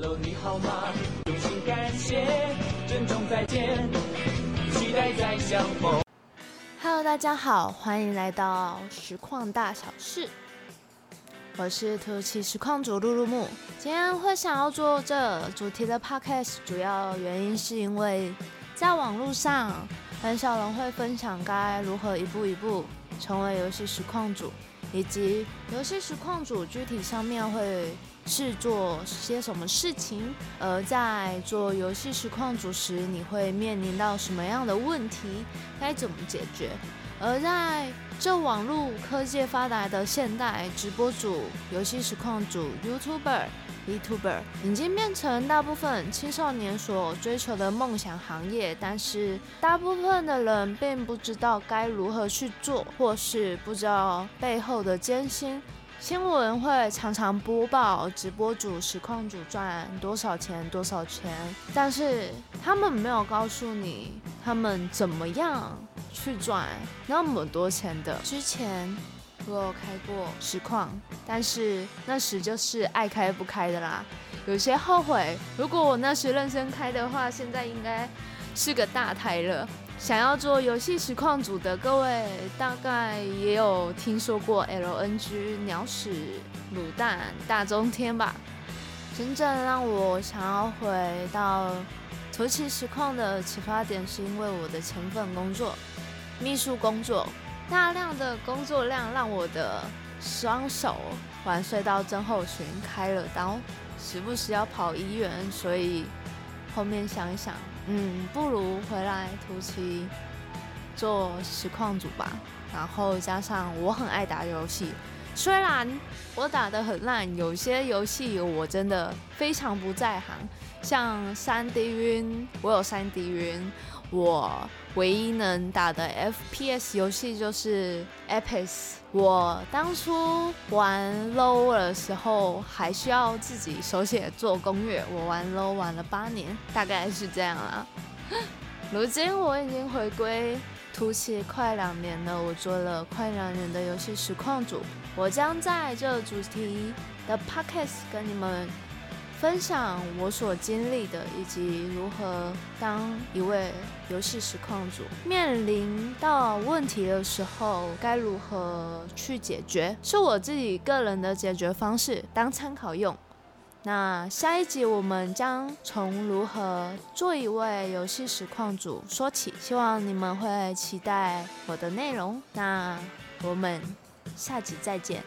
Hello，你好嗎？用心感謝，珍重再見，期待再相逢。Hello，大家好，歡迎來到實況大小事。我是圖奇實況主鹿鹿沐，今天會想要做這主題的 podcast，主要原因是因為在網絡上很少人會分享該如何一步一步成為遊戲實況主。以及遊戲實況主具體上面會是做些什麼事情？而在做遊戲實況主時，你會面臨到什麼樣的問題？該怎麼解決？而在這網絡科技發達的現代，直播主，遊戲實況主 YouTuber。YouTuber 已經變成大部分青少年所追求的夢想行業，但是大部分的人並不知道該如何去做，或是不知道背後的艱辛。新聞會常常播報直播主、實況主賺多少錢、多少錢，但是他們沒有告訴你他們怎麼樣去賺那麼多錢的。之前。我開過實況，但是那時就是愛開不開的啦，有些後悔。如果我那時認真開的話，現在應該是個大台了。想要做遊戲實況主的各位，大概也有聽說過 LNG、鳥屎、魯蛋、大中天吧？真正讓我想要回到 Twitch 實況的啟發點，是因為我的前份工作，祕書工作。大量的工作量讓我的雙手腕隧道症候群開了刀，時不時要跑醫院，所以後面想一想，嗯，不如回來 Twitch 做實況主吧。然後加上我很愛打遊戲，雖然我打得很爛，有些遊戲我真的非常不在行，像 3D 暈，我有 3D 暈。我唯一能打的 FPS 遊戲就是 Apex，我當初玩 LOL 的時候，還需要自己手寫做攻略。我玩 LOL 玩了八年，大概是這樣啦。 如今我已經回歸 Twitch 快兩年了，我做了快兩年的遊戲實況主，我將在這主題的 podcast 跟你們。分享我所經歷的，以及如何當一位遊戲實況主面臨到問題的時候該如何去解決，是我自己個人的解決方式，當參考用。那下一集我們將從如何做一位遊戲實況主說起，希望你們會期待我的內容。那我們下集再見。